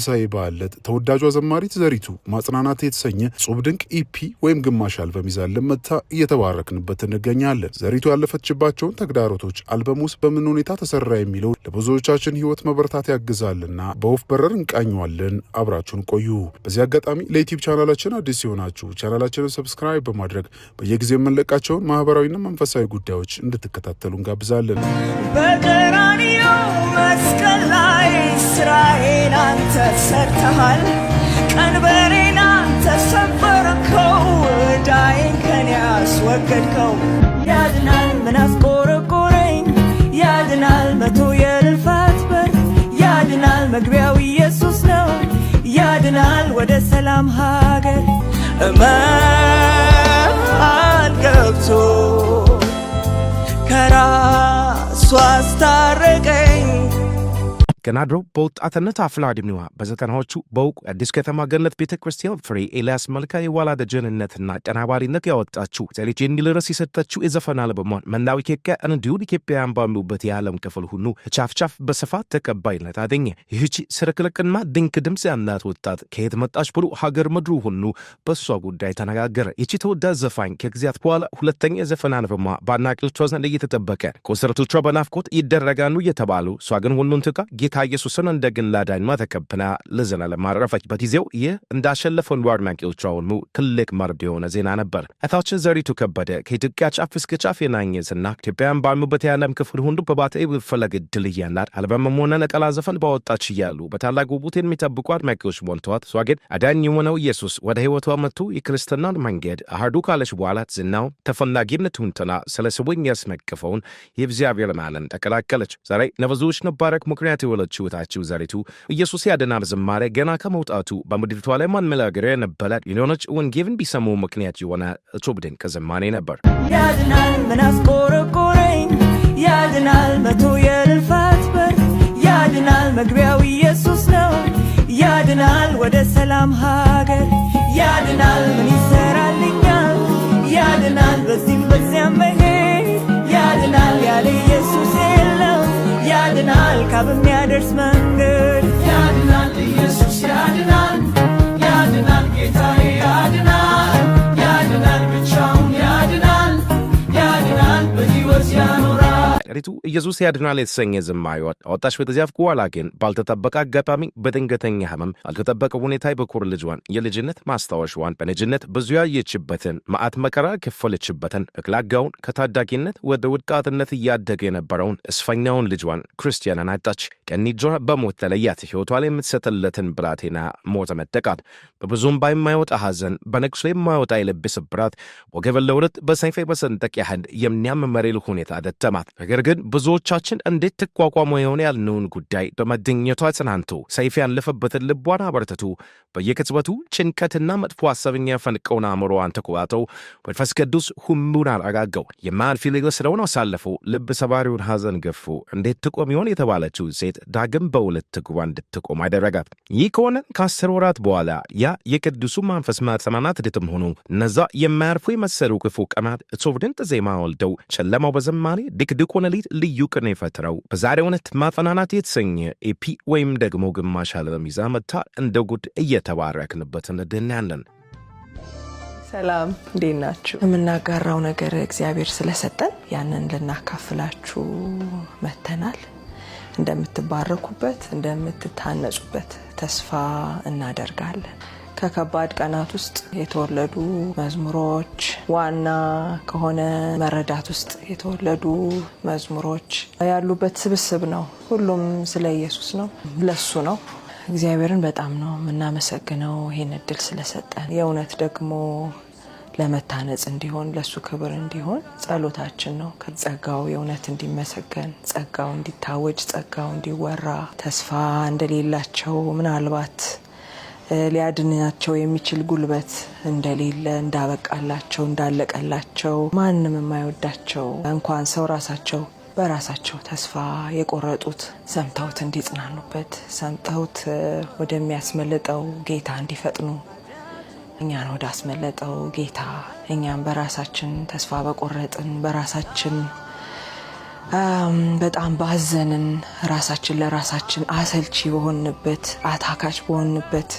ትንሣኤ በዓል ተወዳጇ ዘማሪት ዘሪቱ ማጽናናት የተሰኘ ጹብ ድንቅ ኢፒ ወይም ግማሽ አልበም ይዛለን መታ እየተባረክንበት እንገኛለን። ዘሪቱ ያለፈችባቸውን ተግዳሮቶች አልበም ውስጥ በምን ሁኔታ ተሰራ የሚለው ለብዙዎቻችን ህይወት መበረታት ያግዛልና በወፍ በረር እንቃኘዋለን። አብራችሁን ቆዩ። በዚህ አጋጣሚ ለዩቲዩብ ቻናላችን አዲስ ሲሆናችሁ ቻናላችንን ሰብስክራይብ በማድረግ በየጊዜው የምንለቃቸውን ማህበራዊና መንፈሳዊ ጉዳዮች እንድትከታተሉ እንጋብዛለን። በቀራንዮ መስቀል ላይ አንተ ሰርተሃል፣ ቀንበሬን አንተ ሰበርከው፣ ዕዳዬን ከኔ አስወገድከው። ያድናል ምን አስቆረቆረኝ? ያድናል መቶ የልፋት በር ያድናል መግቢያው ኢየሱስ ነው ያድናል ወደ ሰላም ሀገር ተገናድረው በወጣትነት አፍላ ዕድሜዋ በዘጠናዎቹ በእውቁ የአዲስ ከተማ ገነት ቤተ ክርስቲያን ፍሬ ኤልያስ መልካ የዋላደ ጀንነትና አቀናባሪነት ያወጣችው ሴሊጅ የሚል ርዕስ የሰጠችው የዘፈን አልበሟን መላው ኢትዮጵያ እንዲሁም ኢትዮጵያውያን ባሉበት የዓለም ክፍል ሁኑ ቻፍቻፍ በስፋት ተቀባይነት አገኘ። ይህቺ ስርክልቅና ድንክ ድምፅ ያላት ወጣት ከየት መጣች ብሎ ሀገር ምድሩ ሁኑ በእሷ ጉዳይ ተነጋገረ። ይቺ ተወዳጅ ዘፋኝ ከጊዜያት በኋላ ሁለተኛ የዘፈን አልበሟ በአድናቂዎቿ ዘንድ እየተጠበቀ ኮንሰርቶቿ በናፍቆት ይደረጋሉ እየተባሉ እሷ ግን ሁሉን ትቃ ጌታ ጌታ ኢየሱስን እንደ ግል አዳኟ ተቀብላ ለዘላለም አረፈች። በጊዜው ይህ እንዳሸነፈን አድናቂዎቿም ትልቅ መርዶ የሆነ ዜና ነበር። እህታችን ዘሪቱ ከበደ ከኢትዮጵያ ጫፍ እስከ ጫፍ የናኝዝና ኢትዮጵያን ባሉበት የዓለም ክፍል ሁሉ በባትሪ ፈለግ ድል እያላት አልበምም ሆነ ነቀላ ዘፈን ባወጣች እያሉ በታላቅ ጉጉት የሚጠብቁ አድናቂዎች ሞልተዋት፣ እሷ ግን አዳኝ የሆነው ኢየሱስ ወደ ሕይወቷ መጥቶ የክርስትናን መንገድ አህዱ ካለች በኋላ ዝናው ተፈላጊነቱን ጥላ ስለ ስቡኝ ያስመቅፈውን የእግዚአብሔር ማለን ተቀላቀለች። ዛሬ ለብዙዎች ነባረክ ምክንያት ይውላል ያስተዋለችውታችሁ ዛሬቱ ኢየሱስ ያድናል ዝማሬ ገና ከመውጣቱ በምድሪቷ ላይ ማነጋገር የነበላት ሚሊዮኖች ወንጌልን ቢሰሙ ምክንያት የሆነ እጹብ ድንቅ ዝማሬ ነበር። ያድናል ምን አስቆረቆረኝ? ያድናል መቶ የልፋት በር ያድናል መግቢያው ኢየሱስ ነው። ያድናል ወደ ሰላም ሀገር ያድናል ምን ይሰራልኛል? ያድናል በዚህም በዚያም መሄድ ያድናል ያለ ኢየሱስ የለም። ያድናል ካብ የሚያደርስ መንገድ ያድናል ኢየሱስ ያድናል ዘማሪቱ ኢየሱስ ያድናል የተሰኘ ዝማሬዋ አወጣች። በተዚያፍ በኋላ ግን ባልተጠበቀ አጋጣሚ በድንገተኛ ህመም ያልተጠበቀ ሁኔታ በኩር ልጇን የልጅነት ማስታወሻዋን በልጅነት ብዙ ያየችበትን መዓት መከራ ክፈለችበትን እክላጋውን ከታዳጊነት ወደ ውድቃትነት እያደገ የነበረውን እስፈኛውን ልጇን ክርስቲያንን አጣች። ቀኝ እጇ በሞት ተለያት። ህይወቷ ላይ የምትሰጥለትን ብላቴና ሞት መጠቃት፣ በብዙም ባይማይወጣ ሐዘን፣ በነቅሶ የማይወጣ የልብ ስብራት፣ ወገበን ለሁለት በሰይፌ በሰንጠቅ ያህል የሚያም መሬል ሁኔታ ደተማት። ነገር ግን ብዙዎቻችን እንዴት ትቋቋመ የሆነ ያልነውን ጉዳይ በመደኘቷ ጽናንቶ ሰይፍ ያለፈበትን ልቧን አበረተቱ በየቅጽበቱ ጭንቀትና መጥፎ አሰብን ፈንቀውን አእምሮዋን ተቆጣጠው መንፈስ ቅዱስ ሁሉን አረጋገው የማያልፍ ሌሊት ስለሆነ አሳለፈው ልብ ሰባሪውን ሐዘን ገፉ። እንዴት ትቆም ይሆን የተባለችው ሴት ዳግም በሁለት እግሯ እንድትቆም አደረጋት። ይህ ከሆነ ከአስር ወራት በኋላ ያ የቅዱሱ መንፈስ መጽናናት ድትም ሆኑ እነዛ የማያርፉ የመሰሉ ክፉ ቀናት እጹብ ድንቅ ዜማ ወልደው ጨለማው በዘማሪ ድቅድቅ ሆነ ሌሊት ልዩ ቅኔ ፈጥረው በዛሬ እውነት ማጽናናት የተሰኘ ኤፒ ወይም ደግሞ ግማሽ ዓለም ይዛ መጥታ እንደ ጉድ እየ የተባረክንበትን እድናለን። ሰላም እንዴት ናችሁ? የምናጋራው ነገር እግዚአብሔር ስለሰጠን ያንን ልናካፍላችሁ መተናል። እንደምትባረኩበት እንደምትታነጹበት ተስፋ እናደርጋለን። ከከባድ ቀናት ውስጥ የተወለዱ መዝሙሮች ዋና ከሆነ መረዳት ውስጥ የተወለዱ መዝሙሮች ያሉበት ስብስብ ነው። ሁሉም ስለ ኢየሱስ ነው፣ ለሱ ነው። እግዚአብሔርን በጣም ነው የምናመሰግነው ይህን እድል ስለሰጠን። የእውነት ደግሞ ለመታነጽ እንዲሆን ለእሱ ክብር እንዲሆን ጸሎታችን ነው። ከጸጋው የእውነት እንዲመሰገን፣ ጸጋው እንዲታወጅ፣ ጸጋው እንዲወራ ተስፋ እንደሌላቸው ምናልባት ሊያድናቸው የሚችል ጉልበት እንደሌለ እንዳበቃላቸው እንዳለቀላቸው ማንም የማይወዳቸው እንኳን ሰው ራሳቸው በራሳቸው ተስፋ የቆረጡት ሰምተውት እንዲጽናኑበት ሰምተውት ወደሚያስመልጠው ጌታ እንዲፈጥኑ እኛን ወደ አስመለጠው ጌታ እኛን በራሳችን ተስፋ በቆረጥን በራሳችን በጣም ባዘንን ራሳችን ለራሳችን አሰልቺ በሆንበት አታካች በሆንበት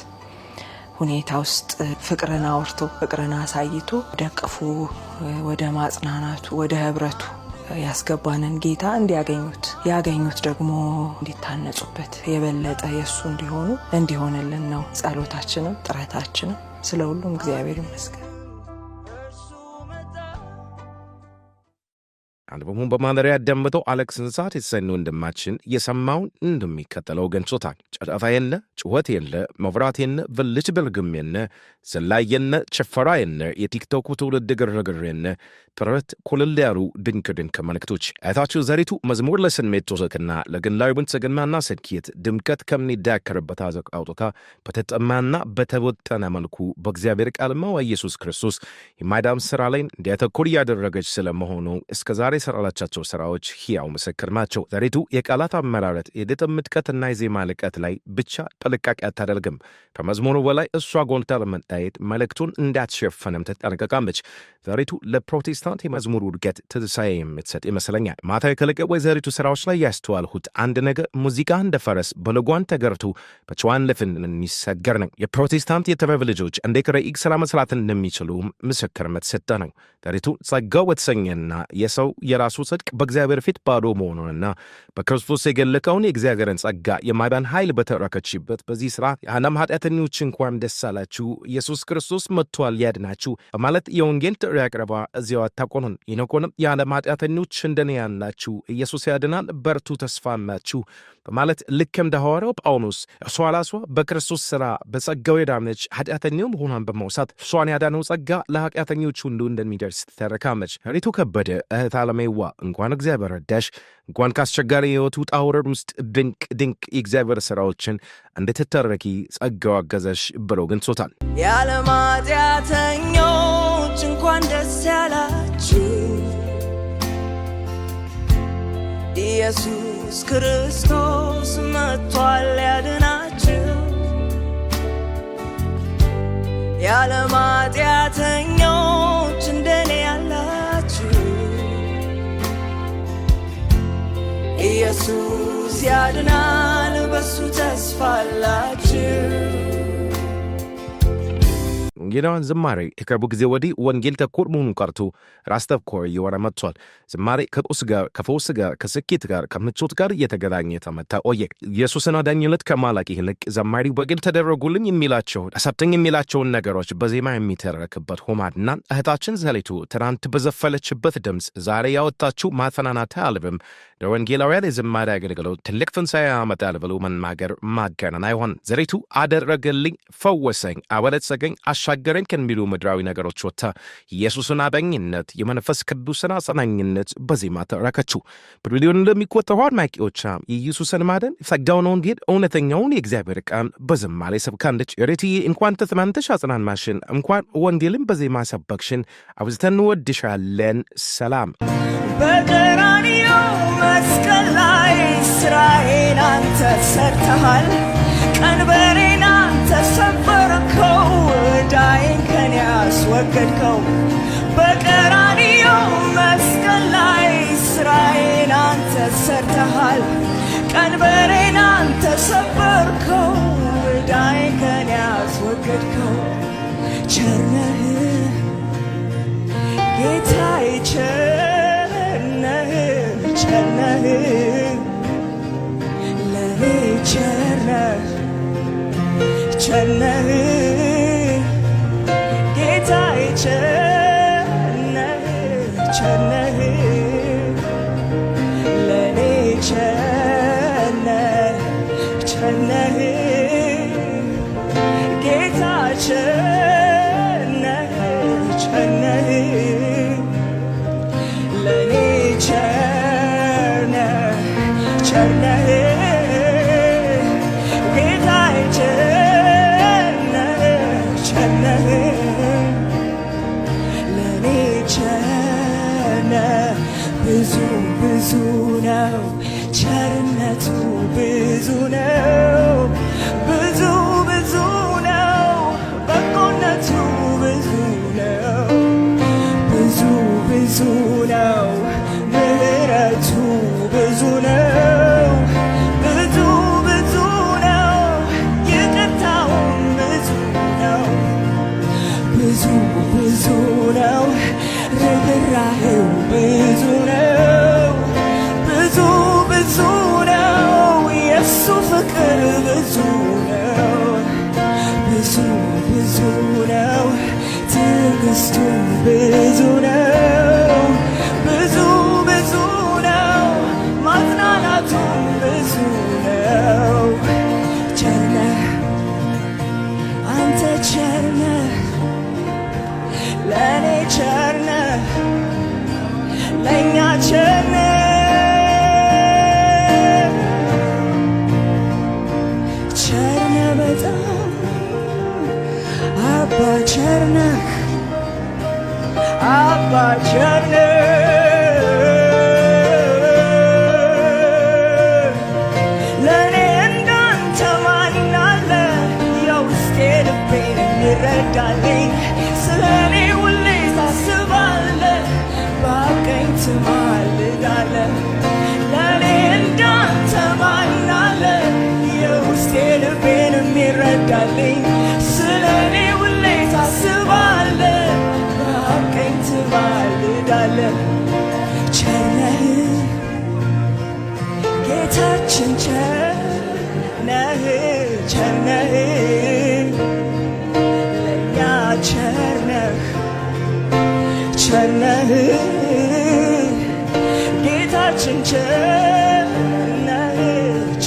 ሁኔታ ውስጥ ፍቅርን አውርቶ ፍቅርን አሳይቶ ወደ ቅፉ ወደ ማጽናናቱ ወደ ህብረቱ ያስገባንን ጌታ እንዲያገኙት ያገኙት ደግሞ እንዲታነጹበት የበለጠ የእሱ እንዲሆኑ እንዲሆንልን ነው ጸሎታችንም ጥረታችንም። ስለ ሁሉም እግዚአብሔር ይመስገን። አልበሙን በማደሪያ ደምጠው አሌክስ እንሳት የተሰኘ ወንድማችን የሰማውን እንደሚከተለው ገንጾታል። ጨረፋ የነ ጩኸት የነ መብራት የነ ብልጭ ብልግም የነ ዝላይ የነ ጭፈራ የነ የቲክቶኩ ትውልድ ግርግር የነ ጥረት ኩልል ያሉ ድንቅ ድንቅ መልእክቶች። እህታችሁ ዘሪቱ መዝሙር ለስሜት ትውስቅና ለግላዊ ብልጽግናና ስኬት ድምቀት ከምንዳከርበት አዘቅት አውጥታ በተጠማና በተወጠነ መልኩ በእግዚአብሔር ቃል ኢየሱስ ክርስቶስ የማዳም ስራ ላይ እንዲያተኩር እያደረገች ስለመሆኑ እስከዛሬ የሰራላቻቸው ስራዎች ሕያው ምስክር ናቸው። ዘሪቱ የቃላት አመራረት፣ የግጥም ምጥቀትና የዜማ ልቀት ላይ ብቻ ጥንቃቄ አታደርግም። ከመዝሙሩ በላይ እሷ ጎልታ ለመታየት መልእክቱን እንዳትሸፈንም ትጠነቀቃለች። ዘሪቱ ለፕሮቴስታንት የመዝሙሩ እድገት ትንሳኤ የምትሰጥ ይመስለኛል። ማታ የከለቀው የዘሪቱ ስራዎች ላይ ያስተዋልሁት አንድ ነገር ሙዚቃ እንደ ፈረስ በልጓን ተገርቱ በቸዋን ልፍን የሚሰገር ነው። የፕሮቴስታንት የጥበብ ልጆች እንዴት ረቂቅ ስራ መስራት እንደሚችሉ ምስክር ምትሰጠ ነው። ዘሪቱ ጸጋው በተሰኘና የሰው የራሱ ጽድቅ በእግዚአብሔር ፊት ባዶ መሆኑንና በክርስቶስ የገለጠውን የእግዚአብሔርን ጸጋ የማዳን ኃይል በተረከችበት በዚህ ሥራ የዓለም ኃጢአተኞች እንኳን ደስ አላችሁ፣ ኢየሱስ ክርስቶስ መጥቷል፣ ያድናችሁ በማለት የወንጌል ጥሪ አቅርባ እዚያው አታቆኑን። ይልቁንም የዓለም ኃጢአተኞች እንደኔ ያላችሁ ኢየሱስ ያድናል፣ በርቱ፣ ተስፋ ናችሁ በማለት ልክ እንደ ሐዋርያው ጳውሎስ እሷ ራሷ በክርስቶስ ሥራ በጸጋው የዳነች ኃጢአተኛውም ሆኗን በመውሳት እሷን ያዳነው ጸጋ ለኃጢአተኞች ሁሉ እንደሚደርስ ትተረካመች። ሪቱ ከበደ እህት ዓለም ሜዋ እንኳን እግዚአብሔር ረዳሽ፣ እንኳን ከአስቸጋሪ ሕይወት ውጣ ውረድ ውስጥ ድንቅ ድንቅ የእግዚአብሔር ሥራዎችን እንድትተረኪ ጸጋው አገዘሽ ብሎ ገንሶታል። ያለ ኃጢአተኞች እንኳን ደስ ያላችሁ ኢየሱስ ክርስቶስ መጥቷል ሊያድናችሁ። ያለ ኢየሱስ ያድናል፣ በሱ ተስፋ አላችሁ። ወንጌላውያን ዝማሬ ከቅርቡ ጊዜ ወዲህ ወንጌል ተኮር መሆኑን ቀርቶ ራስ ተኮር እየሆነ መጥቷል። ዝማሬ ከቁስ ጋር፣ ከፈውስ ጋር፣ ከስኬት ጋር፣ ከምቾት ጋር የተገናኘ ተመታ ቆየ። ኢየሱስን አዳኝነት ከማላቅ ይልቅ ዘማሪው በግል ተደረጉልኝ የሚላቸው አሳብተኝ የሚላቸውን ነገሮች በዜማ የሚተረክበት ሆማድና እህታችን ዘሌቱ ትናንት በዘፈለችበት ድምፅ ዛሬ ያወጣችው ማፈናናታ አልብም ለወንጌላውያን የዝማሬ አገልግሎት ትልቅ ትንሣኤ ያመጣል ብሎ መናገር ማጋነን አይሆን። ዘሌቱ አደረገልኝ፣ ፈወሰኝ፣ አበለጸገኝ፣ አሻ አሻገረኝ ከሚሉ ምድራዊ ነገሮች ወጥታ ኢየሱስን አዳኝነት፣ የመንፈስ ቅዱስን አጽናኝነት በዜማ ተረከችው። በሚሊዮን እንደሚቆጠሩ አድማቂዎቿ የኢየሱስን ማደን ጸጋውን ወንጌል እውነተኛውን የእግዚአብሔር ቃል በዝማሬ ሰብካለች። እሬትዬ እንኳን ተጽናንተሽ አጽናናሽን፣ እንኳን ወንጌልን በዜማ ሰበክሽን። አብዝተን እንወድሻለን። ሰላም በቀራንዮ መስቀል ላይ ስራዬን አንተ ሰርተሃል፣ ቀንበሬን አንተ ሰበርክ። ያስወገድከው በቀራንዮ መስቀል ላይ ስራዬን አንተ ሰርተሃል፣ ቀንበሬን አንተ ሰበርከው፣ ዕዳዬን ከኔ ያስወገድከው። ቸርነህ ጌታዬ ቸርነህ ቸርነህ ለኔ ቸርነህ ቸርነህ ቸነች ቸነህ ለኔ ቸነ ቸነህ ጌታዬ ለኔ ቸነ ብዙ ብዙ ነው ቸርነቱ ብዙ ነው Чернех, Леня Чернех, Чернех, ጌታችን Чернех,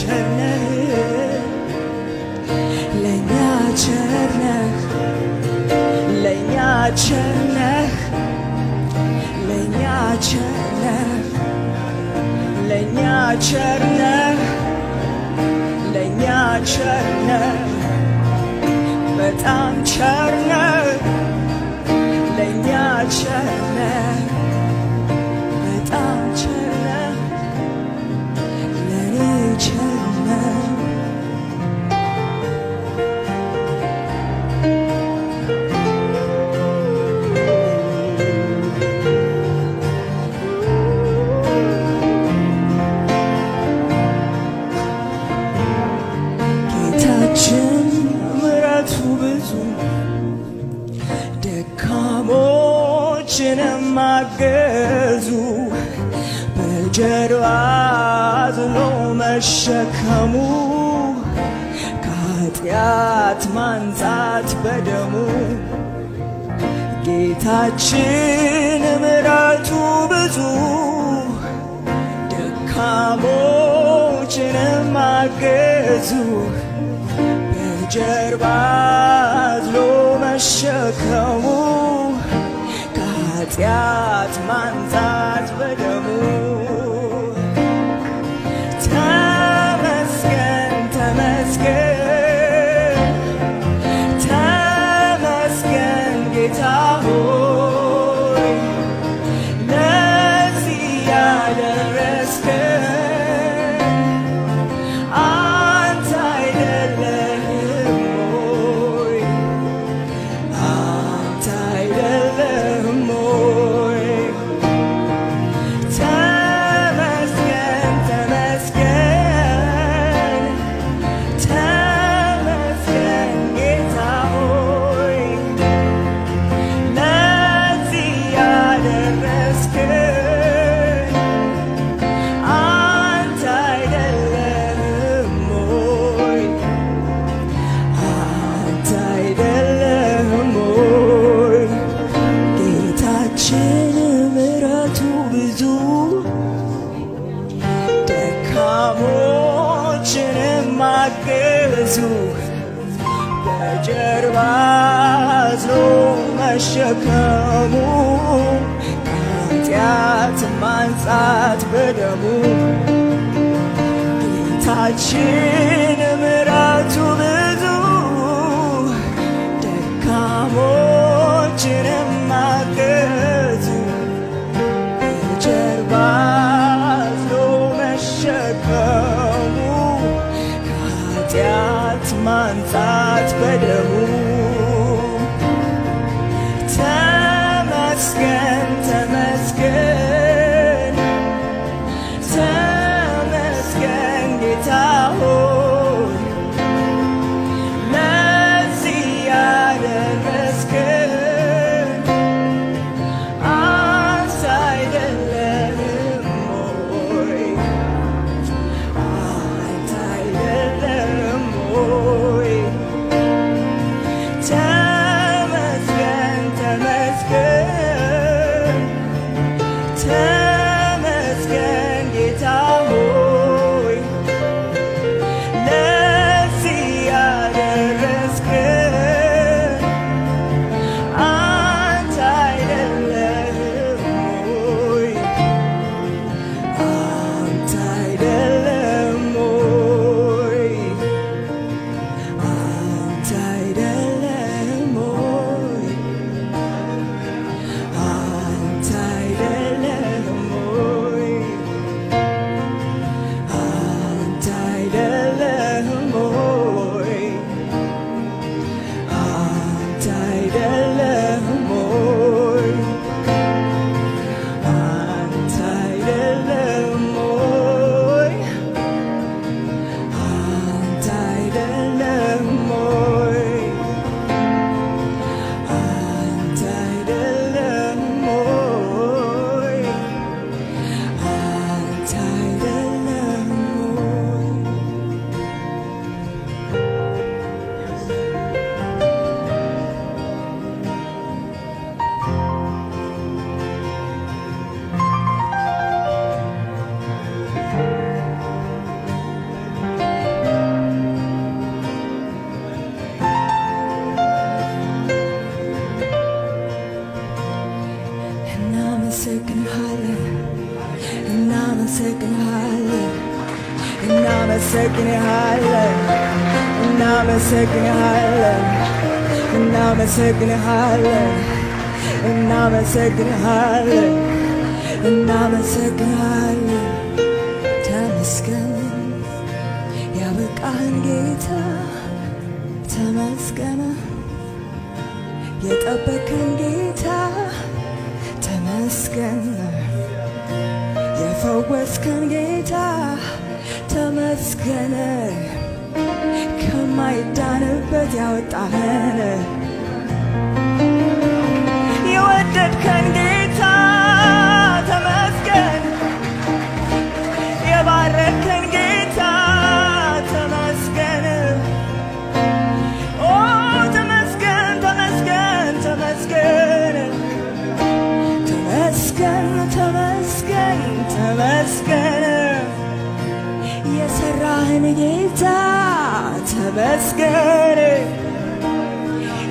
Чернех, ለእኛ Чернех, ለእኛ Чернех, ለእኛ Чернех, ለእኛ Чернех ለእኛ ቸርነ በጣም ቸርነ ለእኛ ቸርነ በጣም ቸር ማገዙ በጀርባ አዝሎ መሸከሙ ከኃጢአት ማንጻት በደሙ ጌታችን ምሕረቱ ብዙ ደካሞችን ማገዙ በጀርባ አዝሎ መሸከሙ ኃጢአት ማንጻት በደሙ ጠላትን ማንጻት በደሙ ጌታችን ምሕረቱ ብዙ ደካሞችንም ማገዙ የጀርባ መሸከሙ ከኃጢአት ማንጻት እናመሰግንሃለን፣ እናመሰግንሃለን፣ እናመሰግንሃለን፣ እናመሰግንሃለን፣ እናመሰግንሃለን፣ እናመሰግንሃለን። ተመስገን ያበቃህን ጌታ ተመስገን የጠበቀን ጌታ ተመስገን የፈወስከን ጌታ ተመስገን ከማይዳንበት ያወጣህን የወደድከን ጌታ ተመስገን የባረከ ተመስገን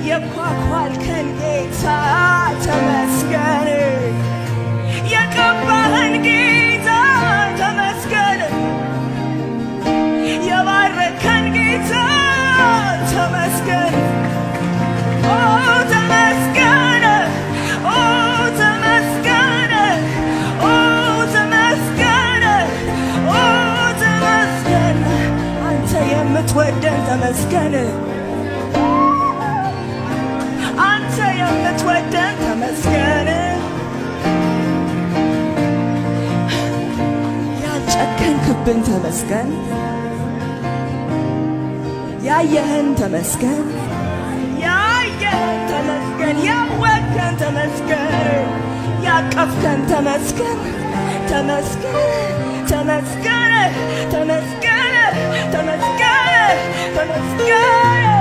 የኳኳልከን ጌታ ተመ bene. Anzeigen le tue denta meschere. ያጨከንክብን ተመስገን፣ ያየህን ተመስገን፣ ያየህን ተመስገን፣ ያወቅከን ተመስገን፣ ያቀፍከን ተመስገን፣ ተመስገን፣ ተመስገን፣ ተመስገን፣ ተመስገን God, the sky.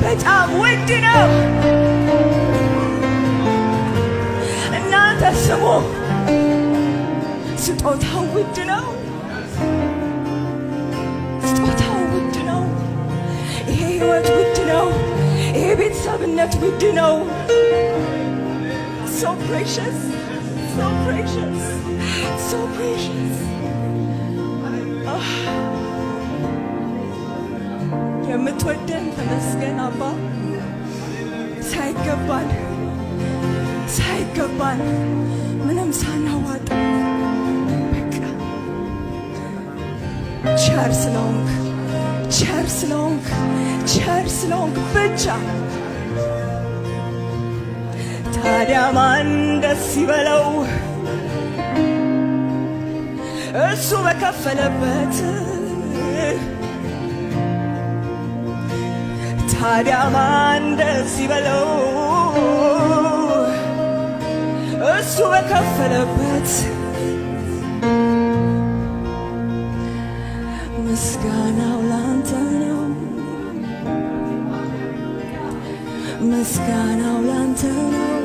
But trumpet of winding up. እናንተ ስሙ ስጦታው ውድ ነው ስጦታው ውድ ነው ይሄ ህይወት ውድ ነው ይሄ ቤተሰብነት ውድ ነው so precious so precious so precious የምትወደን ተመስገን አባ ሳይገባን ሳይገባን ምንም ሳናዋጥ በቃ ቸር ስለሆንክ ቸር ስለሆንክ ቸር ስለሆንክ ብቻ ታዲያ ማን ደስ ይበለው እሱ በከፈለበት ታዲያ ማን ደስ ይበለው? እሱ በከፈለበት ምስጋናው ላንተ ነው፣ ምስጋናው ላንተ ነው።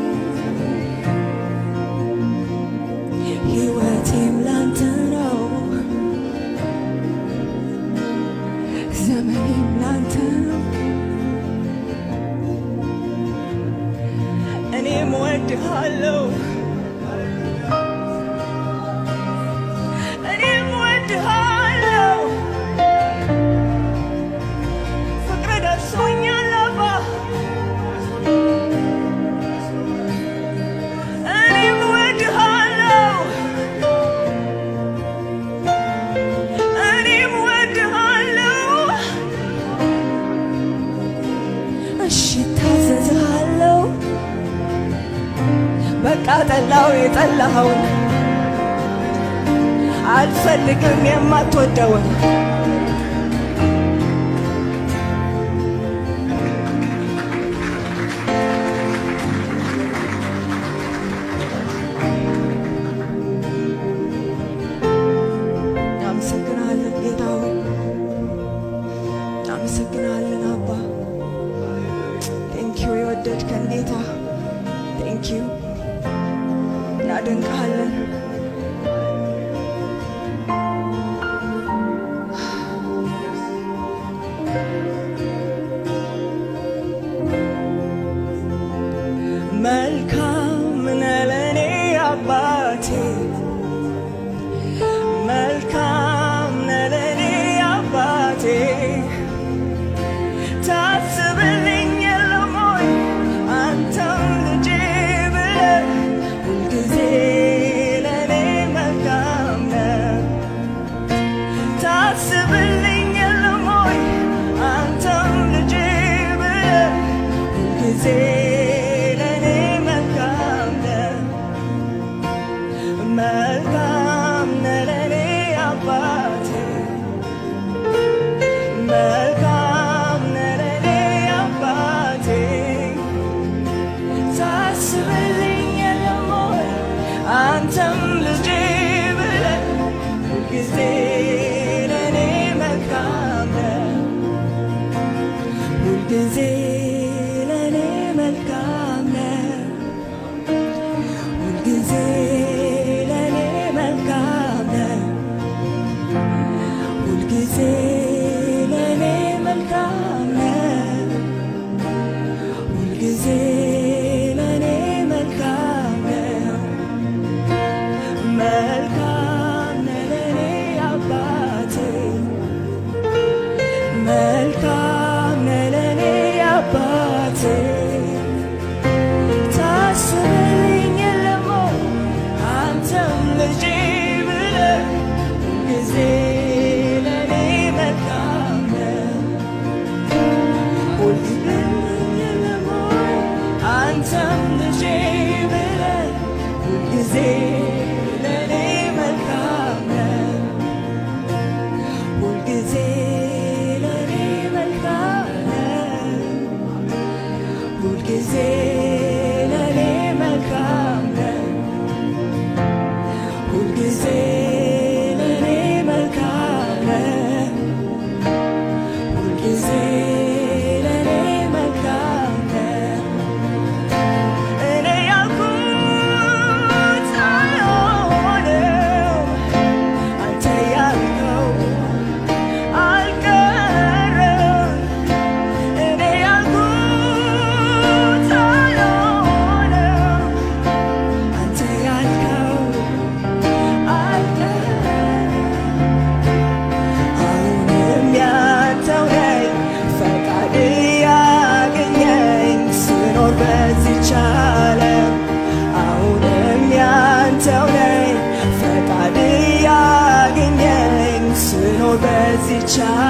በቃ ጠላው የጠላኸውን አልፈልግም የማትወደውን dizer. dizer. child.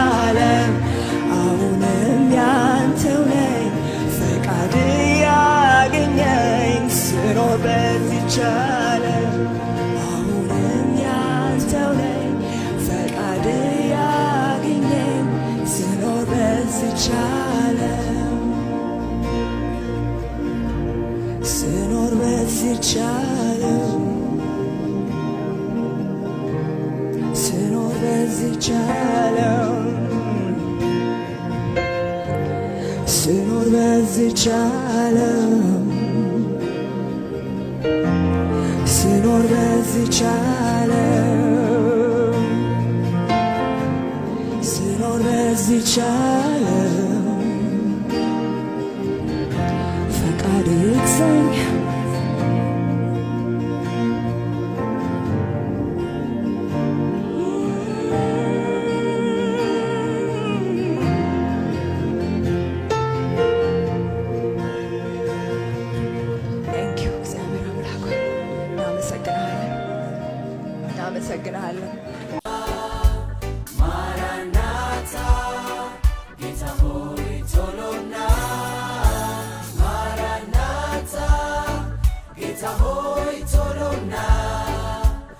አልቻለም ስኖር በዚህ ቻለም ስኖር በዚህ ቻለም ፈቃድ